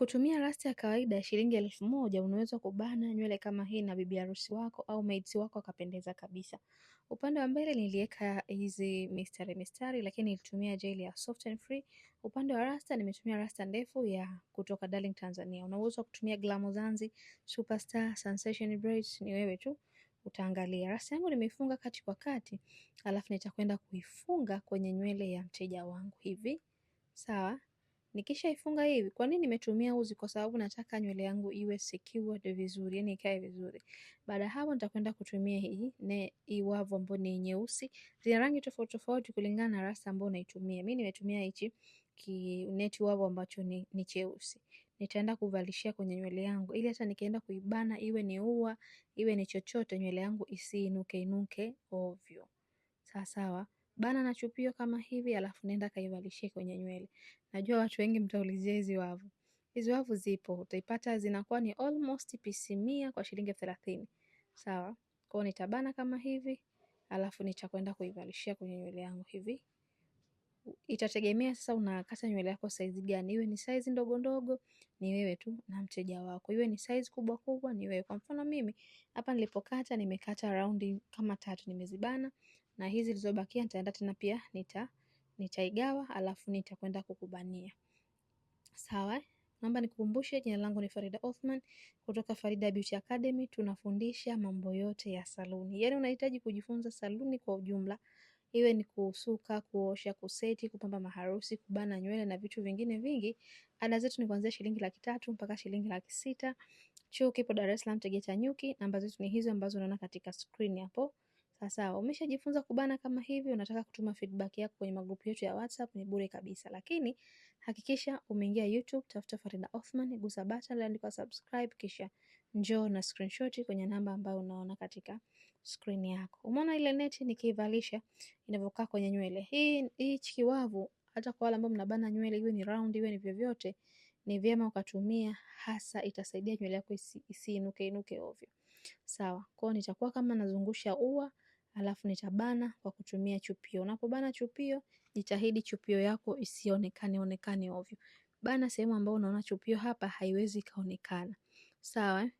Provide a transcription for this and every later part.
Kutumia rasta ya kawaida ya shilingi elfu moja unaweza kubana nywele kama hii na bibi harusi wako au maidsi wako akapendeza kabisa. Upande wa mbele niliweka hizi mistari mistari, lakini nilitumia gel ya soft and free. Upande wa rasta nimetumia rasta ndefu ya kutoka Darling Tanzania. Unaweza kutumia Glamo Zanzi, Superstar, Sensation Braids, ni wewe tu utaangalia. Rasta yangu nimeifunga kati kwa kati, alafu nitakwenda kuifunga kwenye nywele ya mteja wangu hivi, sawa nikishaifunga hivi, kwa nini nimetumia uzi? Kwa sababu nataka nywele yangu iwe secured vizuri, yani ikae vizuri. Baada ya hapo, nitakwenda kutumia hii ne iwavu ambayo ni nyeusi, zina rangi tofauti tofauti kulingana na rasta ambayo unaitumia Mimi nimetumia hichi ki wavu ambacho ni, ni cheusi. Nitaenda kuvalishia kwenye nywele yangu ili hata nikienda kuibana, iwe ni ua iwe ni chochote, nywele yangu isiinuke inuke ovyo, sawa sawa bana na chupio kama hivi, alafu nenda kaivalishie kwenye nywele. Najua watu wengi mtaulizia hizi wavu. Hizi wavu zipo, utaipata zinakuwa ni almost pisi mia kwa shilingi 30. Sawa? Kwa hiyo nitabana kama hivi, alafu nitakwenda kuivalishia kwenye nywele yangu hivi. Itategemea sasa unakata nywele yako size gani, iwe ni size ndogo ndogo ni wewe tu na mteja wako, iwe ni size kubwa kubwa ni wewe. Kwa mfano mimi hapa nilipokata, nimekata round kama tatu, nimezibana na hizi zilizobakia nitaenda tena pia nita nitaigawa alafu nitakwenda kukubania. Sawa? Naomba nikukumbushe jina langu ni Farida Othman kutoka Farida Beauty Academy. Tunafundisha mambo yote ya saluni. Yaani unahitaji kujifunza saluni kwa ujumla. Iwe ni kusuka, kuosha, kuseti, kupamba maharusi, kubana nywele na vitu vingine vingi. Ada zetu ni kuanzia shilingi laki tatu mpaka shilingi laki sita. Chuo kipo Dar es Salaam Tegeta Nyuki. Namba zetu ni hizo ambazo unaona katika screen hapo sawa, umeshajifunza kubana kama hivi, unataka kutuma feedback yako kwenye magrupu yetu ya WhatsApp ni bure kabisa, lakini hakikisha umeingia YouTube, tafuta Farida Othman, gusa button iliyoandikwa subscribe, kisha njoo na screenshot kwenye namba ambayo unaona katika screen yako. Umeona ile neti nikiivalisha inavyokaa kwenye nywele hii, hii chikiwavu. Hata kwa wale ambao mnabana nywele, iwe ni round iwe ni vyovyote, ni vyema ukatumia, hasa itasaidia nywele yako isiinuke inuke ovyo. Sawa kwao, nitakuwa kama nazungusha ua alafu nitabana kwa kutumia chupio. Unapobana chupio, jitahidi chupio yako isionekane onekane ovyo. Bana sehemu ambayo unaona chupio hapa haiwezi kaonekana. Sawa?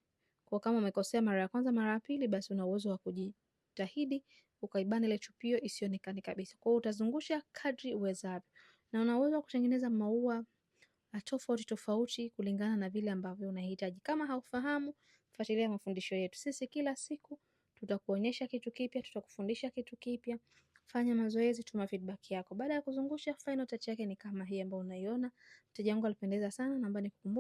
Kwa kama umekosea mara ya kwanza, mara ya pili, basi una uwezo wa kujitahidi ukaibana ile chupio isionekane kabisa. Kwa hiyo utazungusha kadri uwezavyo. Na una uwezo wa kutengeneza maua ah, tofauti tofauti kulingana na vile ambavyo unahitaji. Kama haufahamu, fuatilia mafundisho yetu. Sisi kila siku tutakuonyesha kitu kipya, tutakufundisha kitu kipya. Fanya mazoezi, tuma feedback yako. Baada ya kuzungusha, final touch yake ni kama hii ambayo unaiona. Mteja wangu alipendeza sana, naomba nikukumbushe.